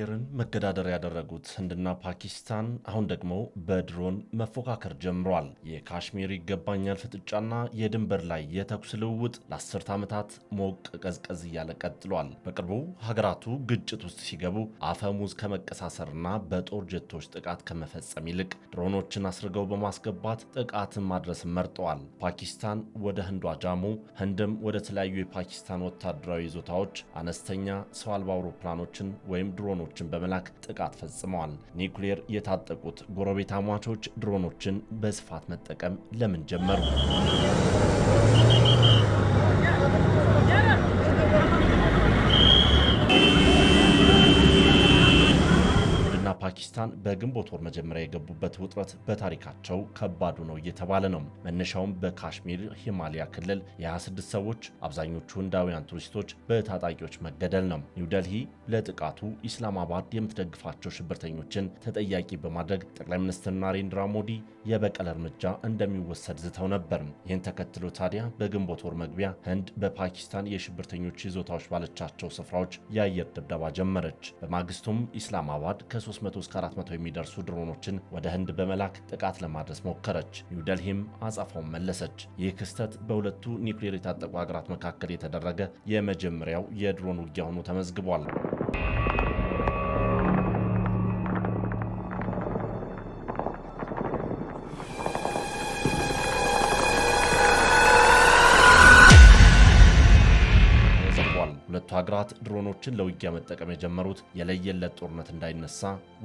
ir መገዳደር ያደረጉት ህንድና ፓኪስታን አሁን ደግሞ በድሮን መፎካከር ጀምሯል። የካሽሚር ይገባኛል ፍጥጫና የድንበር ላይ የተኩስ ልውውጥ ለአስርት ዓመታት ሞቅ ቀዝቀዝ እያለ ቀጥሏል። በቅርቡ ሀገራቱ ግጭት ውስጥ ሲገቡ አፈሙዝ ከመቀሳሰርና በጦር ጀቶች ጥቃት ከመፈጸም ይልቅ ድሮኖችን አስርገው በማስገባት ጥቃትን ማድረስ መርጠዋል። ፓኪስታን ወደ ህንዷ ጃሙ፣ ህንድም ወደ ተለያዩ የፓኪስታን ወታደራዊ ይዞታዎች አነስተኛ ሰው አልባ አውሮፕላኖችን ወይም ድሮኖችን በመላክ ጥቃት ፈጽመዋል። ኒውክሌር የታጠቁት አሟቾች ድሮኖችን በስፋት መጠቀም ለምን ጀመሩ? ፓኪስታን በግንቦት ወር መጀመሪያ የገቡበት ውጥረት በታሪካቸው ከባዱ ነው እየተባለ ነው። መነሻውም በካሽሚር ሂማሊያ ክልል የ26 ሰዎች አብዛኞቹ ህንዳውያን ቱሪስቶች በታጣቂዎች መገደል ነው። ኒውደልሂ ለጥቃቱ ኢስላማባድ የምትደግፋቸው ሽብርተኞችን ተጠያቂ በማድረግ ጠቅላይ ሚኒስትር ናሬንድራ ሞዲ የበቀል እርምጃ እንደሚወሰድ ዝተው ነበር። ይህን ተከትሎ ታዲያ በግንቦት ወር መግቢያ ህንድ በፓኪስታን የሽብርተኞች ይዞታዎች ባለቻቸው ስፍራዎች የአየር ድብደባ ጀመረች። በማግስቱም ኢስላማባድ ከ300 እስከ 400 የሚደርሱ ድሮኖችን ወደ ህንድ በመላክ ጥቃት ለማድረስ ሞከረች። ኒውደልሂም አጻፋውን መለሰች። ይህ ክስተት በሁለቱ ኒውክሌር የታጠቁ ሀገራት መካከል የተደረገ የመጀመሪያው የድሮን ውጊያ ሆኖ ተመዝግቧል። ሁለቱ ሀገራት ድሮኖችን ለውጊያ መጠቀም የጀመሩት የለየለት ጦርነት እንዳይነሳ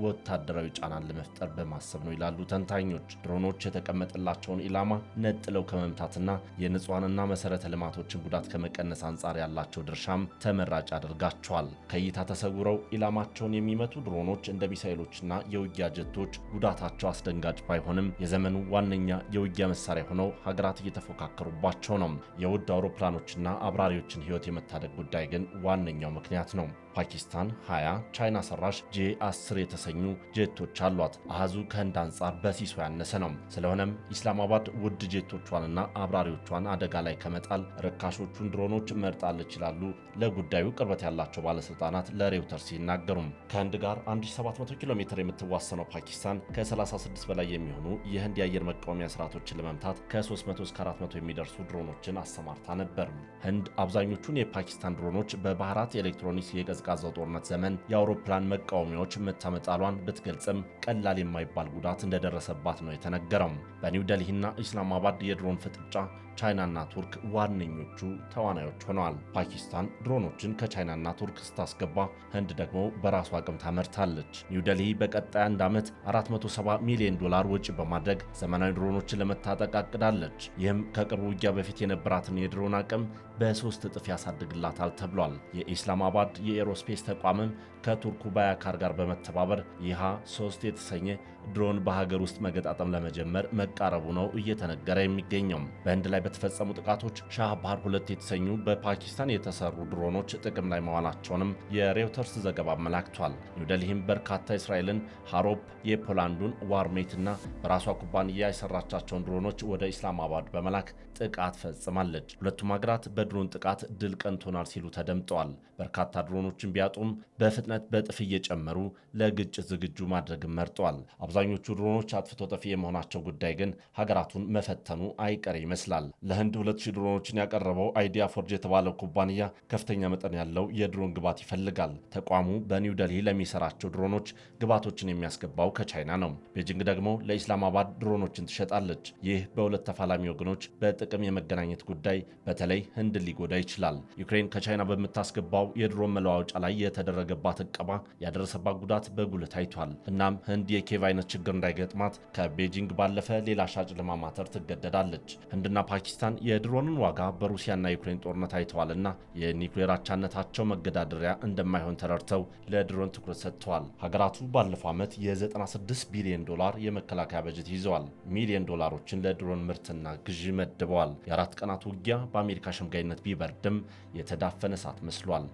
ወታደራዊ ጫናን ለመፍጠር በማሰብ ነው ይላሉ ተንታኞች። ድሮኖች የተቀመጠላቸውን ኢላማ ነጥለው ከመምታትና የንጹሐንና መሰረተ ልማቶችን ጉዳት ከመቀነስ አንጻር ያላቸው ድርሻም ተመራጭ አድርጋቸዋል። ከእይታ ተሰውረው ኢላማቸውን የሚመቱ ድሮኖች እንደ ሚሳይሎችና የውጊያ ጀቶች ጉዳታቸው አስደንጋጭ ባይሆንም የዘመኑ ዋነኛ የውጊያ መሳሪያ ሆነው ሀገራት እየተፎካከሩባቸው ነው። የውድ አውሮፕላኖችና አብራሪዎችን ህይወት የመታደግ ጉዳይ ግን ዋነኛው ምክንያት ነው። ፓኪስታን 20 ቻይና ሰራሽ ጄ 10 የተሰኙ ጄቶች አሏት። አህዙ ከህንድ አንጻር በሲሶ ያነሰ ነው። ስለሆነም ኢስላማባድ ውድ ጄቶቿንና አብራሪዎቿን አደጋ ላይ ከመጣል ርካሾቹን ድሮኖች መርጣለች ይላሉ ለጉዳዩ ቅርበት ያላቸው ባለስልጣናት ለሬውተርስ ሲናገሩም። ከህንድ ጋር 1700 ኪሎ ሜትር የምትዋሰነው ፓኪስታን ከ36 በላይ የሚሆኑ የህንድ የአየር መቃወሚያ ስርዓቶችን ለመምታት ከ300 እስከ 400 የሚደርሱ ድሮኖችን አሰማርታ ነበር። ህንድ አብዛኞቹን የፓኪስታን ድሮኖች በባህራት ኤሌክትሮኒክስ የቀዝ በቀዝቃዛው ጦርነት ዘመን የአውሮፕላን መቃወሚያዎች መታመጣሏን ብትገልጽም ቀላል የማይባል ጉዳት እንደደረሰባት ነው የተነገረው። በኒው ደልሂና ኢስላማባድ የድሮን ፍጥጫ ቻይናና ቱርክ ዋነኞቹ ተዋናዮች ሆነዋል። ፓኪስታን ድሮኖችን ከቻይናና ቱርክ ስታስገባ፣ ህንድ ደግሞ በራሱ አቅም ታመርታለች። ኒው ደልሂ በቀጣይ አንድ ዓመት 470 ሚሊዮን ዶላር ወጪ በማድረግ ዘመናዊ ድሮኖችን ለመታጠቅ አቅዳለች። ይህም ከቅርቡ ውጊያ በፊት የነበራትን የድሮን አቅም በሶስት እጥፍ ያሳድግላታል ተብሏል። የኢስላማባድ የኤሮ አውሮስፔስ ተቋምም ከቱርኩ ባያካር ጋር በመተባበር ይሃ 3 የተሰኘ ድሮን በሀገር ውስጥ መገጣጠም ለመጀመር መቃረቡ ነው እየተነገረ የሚገኘው። በህንድ ላይ በተፈጸሙ ጥቃቶች ሻህባር ሁለት የተሰኙ በፓኪስታን የተሰሩ ድሮኖች ጥቅም ላይ መዋላቸውንም የሬውተርስ ዘገባ አመላክቷል። ኒውደልሂም በርካታ እስራኤልን ሃሮፕ፣ የፖላንዱን ዋርሜትና በራሷ ኩባንያ የሰራቻቸውን ድሮኖች ወደ ኢስላማባድ በመላክ ጥቃት ፈጽማለች። ሁለቱም ሀገራት በድሮን ጥቃት ድል ቀንቶናል ሲሉ ተደምጠዋል። በርካታ ድሮኖች ኃይሎችን ቢያጡም በፍጥነት በጥፍ እየጨመሩ ለግጭት ዝግጁ ማድረግን መርጧል። አብዛኞቹ ድሮኖች አጥፍቶ ጠፊ የመሆናቸው ጉዳይ ግን ሀገራቱን መፈተኑ አይቀር ይመስላል። ለህንድ 2000 ድሮኖችን ያቀረበው አይዲያ ፎርጅ የተባለው ኩባንያ ከፍተኛ መጠን ያለው የድሮን ግባት ይፈልጋል። ተቋሙ በኒው ደልሂ ለሚሰራቸው ድሮኖች ግባቶችን የሚያስገባው ከቻይና ነው። ቤጂንግ ደግሞ ለኢስላማባድ ድሮኖችን ትሸጣለች። ይህ በሁለት ተፋላሚ ወገኖች በጥቅም የመገናኘት ጉዳይ በተለይ ህንድ ሊጎዳ ይችላል። ዩክሬን ከቻይና በምታስገባው የድሮን መለዋ ማውጫ ላይ የተደረገባት እቀባ ያደረሰባት ጉዳት በጉልህ ታይቷል። እናም ህንድ የኬቭ አይነት ችግር እንዳይገጥማት ከቤጂንግ ባለፈ ሌላ ሻጭ ለማማተር ትገደዳለች። ህንድና ፓኪስታን የድሮንን ዋጋ በሩሲያና ዩክሬን ጦርነት አይተዋልና የኒውክሌር አቻነታቸው መገዳደሪያ እንደማይሆን ተረድተው ለድሮን ትኩረት ሰጥተዋል። ሀገራቱ ባለፈው ዓመት የ96 ቢሊዮን ዶላር የመከላከያ በጀት ይዘዋል። ሚሊዮን ዶላሮችን ለድሮን ምርትና ግዢ መድበዋል። የአራት ቀናት ውጊያ በአሜሪካ ሸምጋይነት ቢበርድም የተዳፈነ እሳት መስሏል።